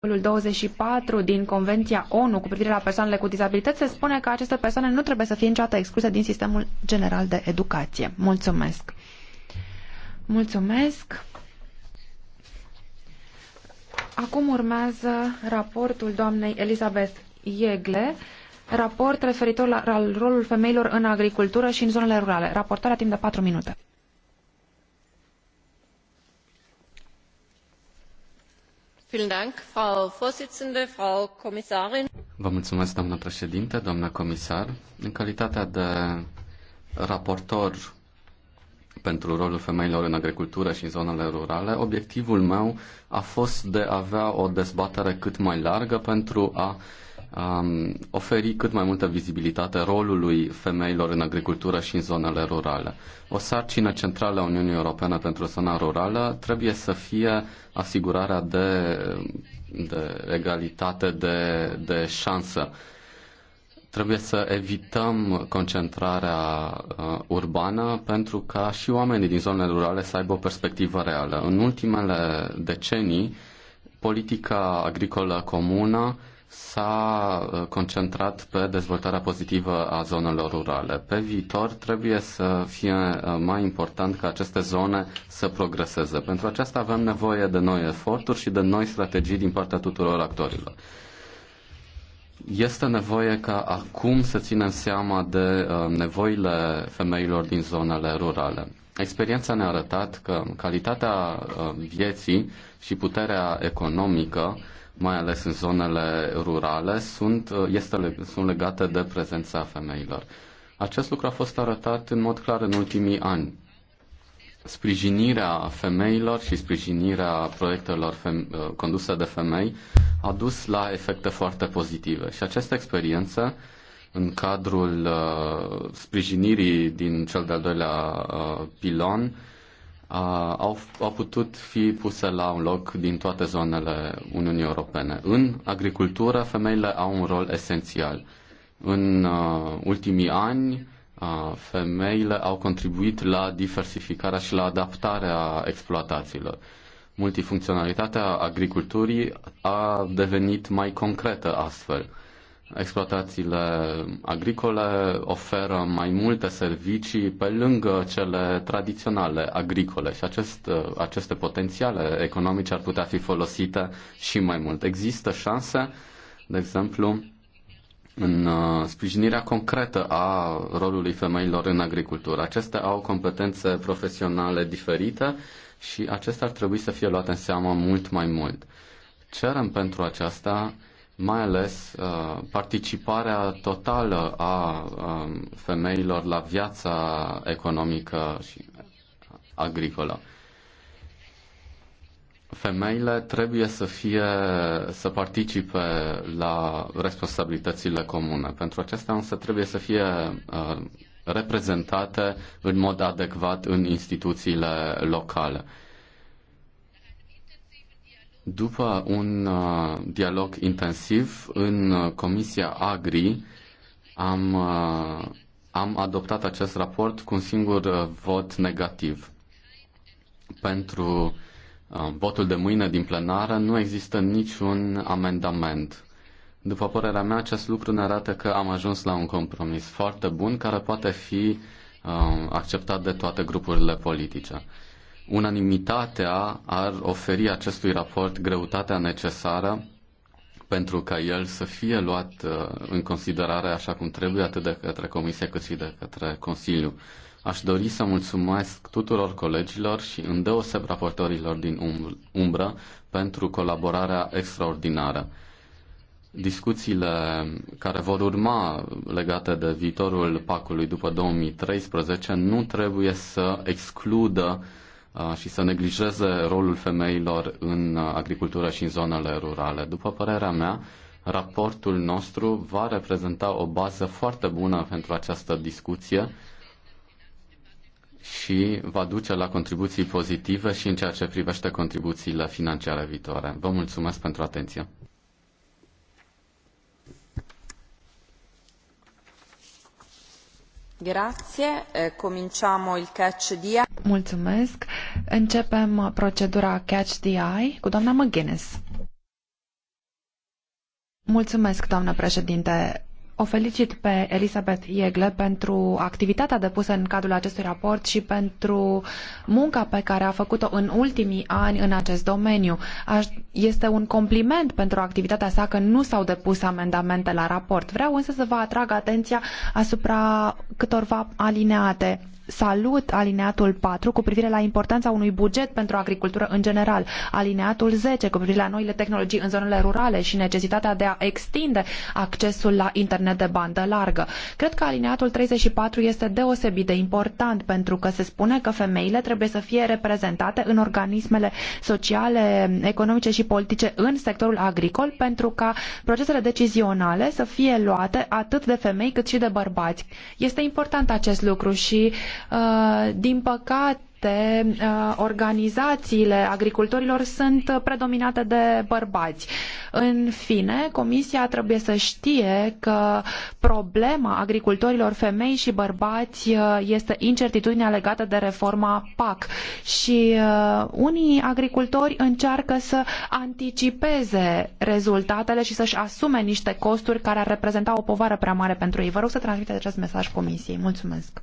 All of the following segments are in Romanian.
articolul 24 din Convenția ONU cu privire la persoanele cu dizabilități se spune că aceste persoane nu trebuie să fie niciodată excluse din sistemul general de educație. Mulțumesc! Mulțumesc! Acum urmează raportul doamnei Elisabeth Iegle, raport referitor la rolul femeilor în agricultură și în zonele rurale. Raportarea timp de 4 minute. Vă mulțumesc, doamnă președinte, doamnă comisar. În calitatea de raportor pentru rolul femeilor în agricultură și în zonele rurale, obiectivul meu a fost de a avea o dezbatere cât mai largă pentru a um, oferi cât mai multă vizibilitate rolului femeilor în agricultură și în zonele rurale. O sarcină centrală a Uniunii Europene pentru zona rurală trebuie să fie asigurarea de, de egalitate de, de șansă. Trebuie să evităm concentrarea uh, urbană pentru ca și oamenii din zonele rurale să aibă o perspectivă reală. În ultimele decenii, politica agricolă comună s-a uh, concentrat pe dezvoltarea pozitivă a zonelor rurale. Pe viitor trebuie să fie uh, mai important ca aceste zone să progreseze. Pentru aceasta avem nevoie de noi eforturi și de noi strategii din partea tuturor actorilor. Este nevoie ca acum să ținem seama de uh, nevoile femeilor din zonele rurale. Experiența ne-a arătat că calitatea vieții și puterea economică mai ales în zonele rurale, sunt, este, sunt legate de prezența femeilor. Acest lucru a fost arătat în mod clar în ultimii ani. Sprijinirea femeilor și sprijinirea proiectelor fem- uh, conduse de femei a dus la efecte foarte pozitive și această experiență în cadrul uh, sprijinirii din cel de-al doilea uh, pilon uh, au, au putut fi puse la un loc din toate zonele Uniunii Europene. În agricultură, femeile au un rol esențial. În uh, ultimii ani, uh, femeile au contribuit la diversificarea și la adaptarea exploatațiilor. Multifuncționalitatea agriculturii a devenit mai concretă astfel. Uh, Exploatațiile agricole oferă mai multe servicii pe lângă cele tradiționale agricole și acest, aceste potențiale economice ar putea fi folosite și mai mult. Există șanse, de exemplu, în uh, sprijinirea concretă a rolului femeilor în agricultură. Acestea au competențe profesionale diferite și acestea ar trebui să fie luate în seamă mult mai mult. Cerem pentru aceasta mai ales uh, participarea totală a um, femeilor la viața economică și agricolă. Femeile trebuie să fie să participe la responsabilitățile comune. Pentru acestea însă trebuie să fie uh, reprezentate în mod adecvat în instituțiile locale. După un uh, dialog intensiv în uh, Comisia Agri, am, uh, am adoptat acest raport cu un singur vot negativ. Pentru votul de mâine din plenară nu există niciun amendament. După părerea mea, acest lucru ne arată că am ajuns la un compromis foarte bun care poate fi acceptat de toate grupurile politice. Unanimitatea ar oferi acestui raport greutatea necesară pentru ca el să fie luat uh, în considerare așa cum trebuie, atât de către Comisie cât și de către Consiliu. Aș dori să mulțumesc tuturor colegilor și îndeoseb raportorilor din umbră pentru colaborarea extraordinară. Discuțiile care vor urma legate de viitorul pacului după 2013 nu trebuie să excludă uh, și să neglijeze rolul femeilor în agricultură și în zonele rurale. După părerea mea, raportul nostru va reprezenta o bază foarte bună pentru această discuție și va duce la contribuții pozitive și în ceea ce privește contribuțiile financiare viitoare. Vă mulțumesc pentru atenție. Grazie, eh, cominciamo il catch di Mulțumesc. Începem uh, procedura Catch the Eye cu doamna McGuinness. Mulțumesc, doamnă președinte. O felicit pe Elisabeth Iegle pentru activitatea depusă în cadrul acestui raport și pentru munca pe care a făcut-o în ultimii ani în acest domeniu. Este un compliment pentru activitatea sa că nu s-au depus amendamente la raport. Vreau însă să vă atrag atenția asupra câtorva alineate salut alineatul 4 cu privire la importanța unui buget pentru agricultură în general, alineatul 10 cu privire la noile tehnologii în zonele rurale și necesitatea de a extinde accesul la internet de bandă largă. Cred că alineatul 34 este deosebit de important pentru că se spune că femeile trebuie să fie reprezentate în organismele sociale, economice și politice în sectorul agricol pentru ca procesele decizionale să fie luate atât de femei cât și de bărbați. Este important acest lucru și uh, Uh, din păcate, uh, organizațiile agricultorilor sunt predominate de bărbați. În fine, Comisia trebuie să știe că problema agricultorilor femei și bărbați uh, este incertitudinea legată de reforma PAC și unii agricultori încearcă să anticipeze rezultatele și să-și asume niște costuri care ar reprezenta o povară prea mare pentru ei. Vă rog să transmiteți acest mesaj Comisiei. Mulțumesc!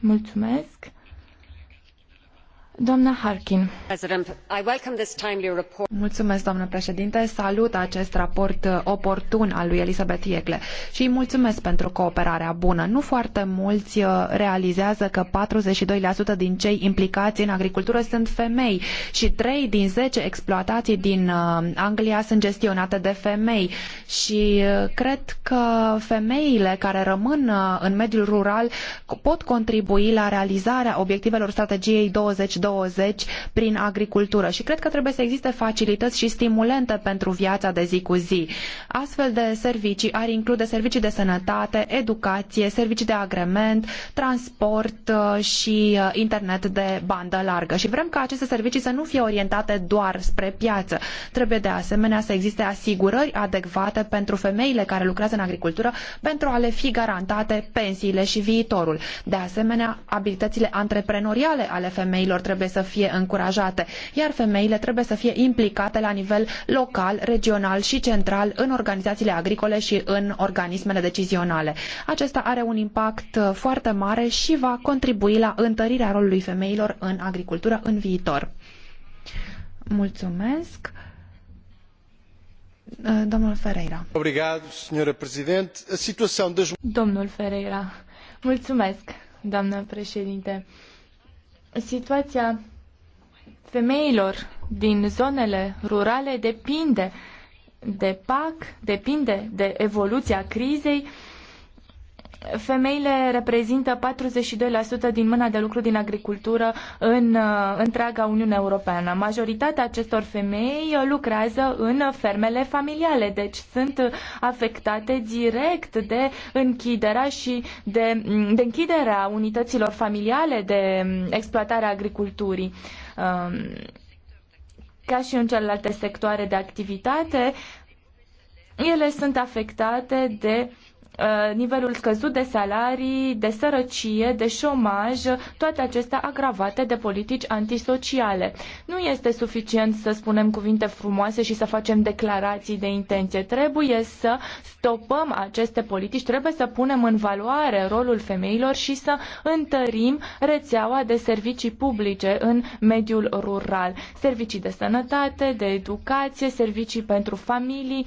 Mulțumesc. Harkin. Mulțumesc, Salut acest raport uh, oportun al lui Elisabeth Iegle și îi mulțumesc pentru cooperarea bună. Nu foarte mulți uh, realizează că 42% din cei implicați în agricultură sunt femei și trei din zece exploatații din uh, Anglia sunt gestionate de femei și cred că femeile care rămân în mediul rural pot contribui la realizarea obiectivelor strategiei 20 2020 prin agricultură și cred că trebuie să existe facilități și stimulente pentru viața de zi cu zi. Astfel de servicii ar include servicii de sănătate, educație, servicii de agrement, transport uh, și uh, internet de bandă largă. Și vrem ca aceste servicii să nu fie orientate doar spre piață. Trebuie de asemenea să existe asigurări adecvate pentru femeile care lucrează în agricultură pentru a le fi garantate pensiile și viitorul. De asemenea, abilitățile antreprenoriale ale femeilor trebuie trebuie să fie încurajate, iar femeile trebuie să fie implicate la nivel local, regional și central în organizațiile agricole și în organismele decizionale. Acesta are un impact foarte mare și va contribui la întărirea rolului femeilor în agricultură în viitor. Mulțumesc. Domnul Ferreira. Obrigado, senhora presidente. A situação das Domnul Ferreira. Mulțumesc, doamnă președinte situația femeilor din zonele rurale depinde de PAC, depinde de evoluția crizei Femeile reprezintă 42% din mâna de lucru din agricultură în uh, întreaga Uniune Europeană. Majoritatea acestor femei uh, lucrează în fermele familiale, deci sunt afectate direct de închiderea și de, mm, de închiderea unităților familiale de mm, exploatare a agriculturii. Um, ca și în celelalte sectoare de activitate, ele sunt afectate de uh, Uh, nivelul scăzut de salarii, de sărăcie, de șomaj, toate acestea agravate de politici antisociale. Nu este suficient să spunem cuvinte frumoase și să facem declarații de intenție. Trebuie să stopăm aceste politici, trebuie să punem în valoare rolul femeilor și să întărim rețeaua de servicii publice în mediul rural. Servicii de sănătate, de educație, servicii pentru familii,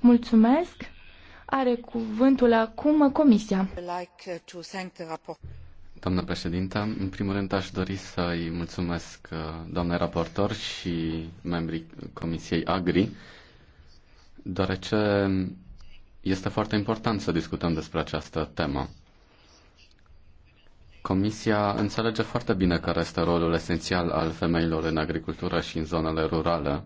Mulțumesc. Are cuvântul acum Comisia. Doamnă președintă, în primul rând aș dori să-i mulțumesc uh, doamnei raportor și membrii Comisiei Agri, deoarece este foarte important să discutăm despre această temă. Comisia înțelege foarte bine care este rolul esențial al femeilor în agricultură și în zonele rurale.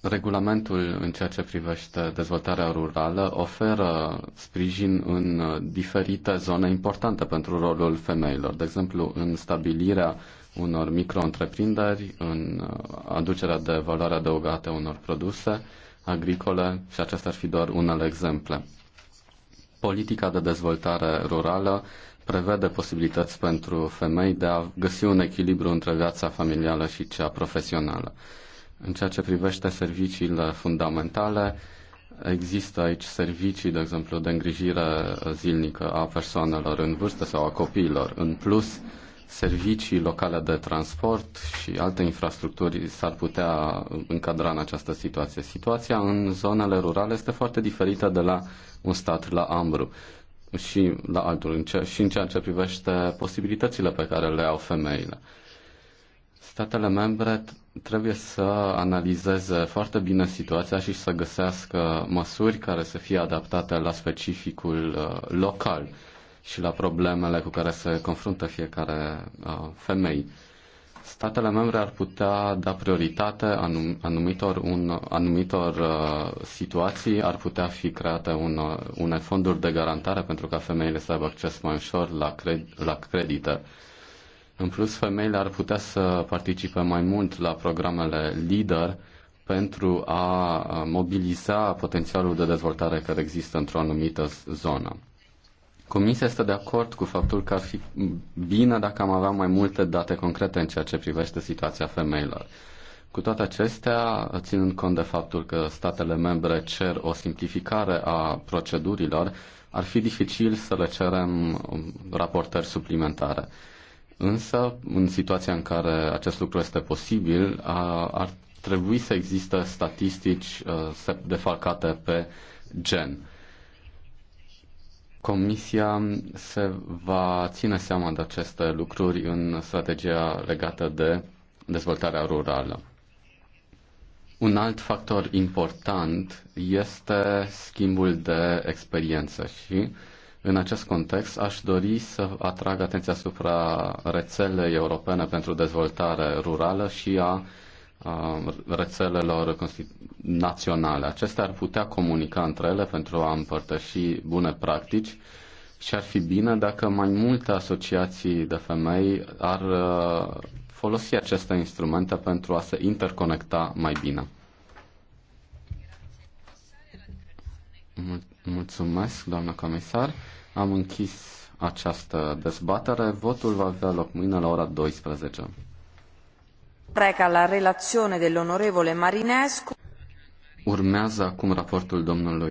Regulamentul în ceea ce privește dezvoltarea rurală oferă sprijin în diferite zone importante pentru rolul femeilor, de exemplu în stabilirea unor micro-întreprinderi, în aducerea de valoare adăugată unor produse agricole și acestea ar fi doar unele exemple politica de dezvoltare rurală prevede posibilități pentru femei de a găsi un echilibru între viața familială și cea profesională. În ceea ce privește serviciile fundamentale, există aici servicii, de exemplu, de îngrijire zilnică a persoanelor în vârstă sau a copiilor. În plus, servicii locale de transport și alte infrastructuri s-ar putea încadra în această situație. Situația în zonele rurale este foarte diferită de la un stat la ambru și la altul, și în ceea ce privește posibilitățile pe care le au femeile. Statele membre trebuie să analizeze foarte bine situația și să găsească măsuri care să fie adaptate la specificul uh, local și la problemele cu care se confruntă fiecare uh, femei. Statele membre ar putea da prioritate anum, anumitor, un, anumitor uh, situații, ar putea fi create un, uh, une fonduri de garantare pentru ca femeile să aibă acces mai ușor la, cred, la credite. În plus, femeile ar putea să participe mai mult la programele LEADER pentru a uh, mobiliza potențialul de dezvoltare care există într-o anumită zonă. Comisia este de acord cu faptul că ar fi bine dacă am avea mai multe date concrete în ceea ce privește situația femeilor. Cu toate acestea, ținând cont de faptul că statele membre cer o simplificare a procedurilor, ar fi dificil să le cerem raportări suplimentare. Însă, în situația în care acest lucru este posibil, ar trebui să existe statistici uh, defalcate pe gen Comisia se va ține seama de aceste lucruri în strategia legată de dezvoltarea rurală. Un alt factor important este schimbul de experiență și în acest context aș dori să atrag atenția asupra rețelei europene pentru dezvoltare rurală și a rețelelor naționale. Acestea ar putea comunica între ele pentru a împărtăși bune practici și ar fi bine dacă mai multe asociații de femei ar folosi aceste instrumente pentru a se interconecta mai bine. Mulțumesc, doamnă comisar. Am închis această dezbatere. Votul va avea loc mâine la ora 12. Preca la relazione dell'onorevole Marinescu. Urmează acum raportul domnului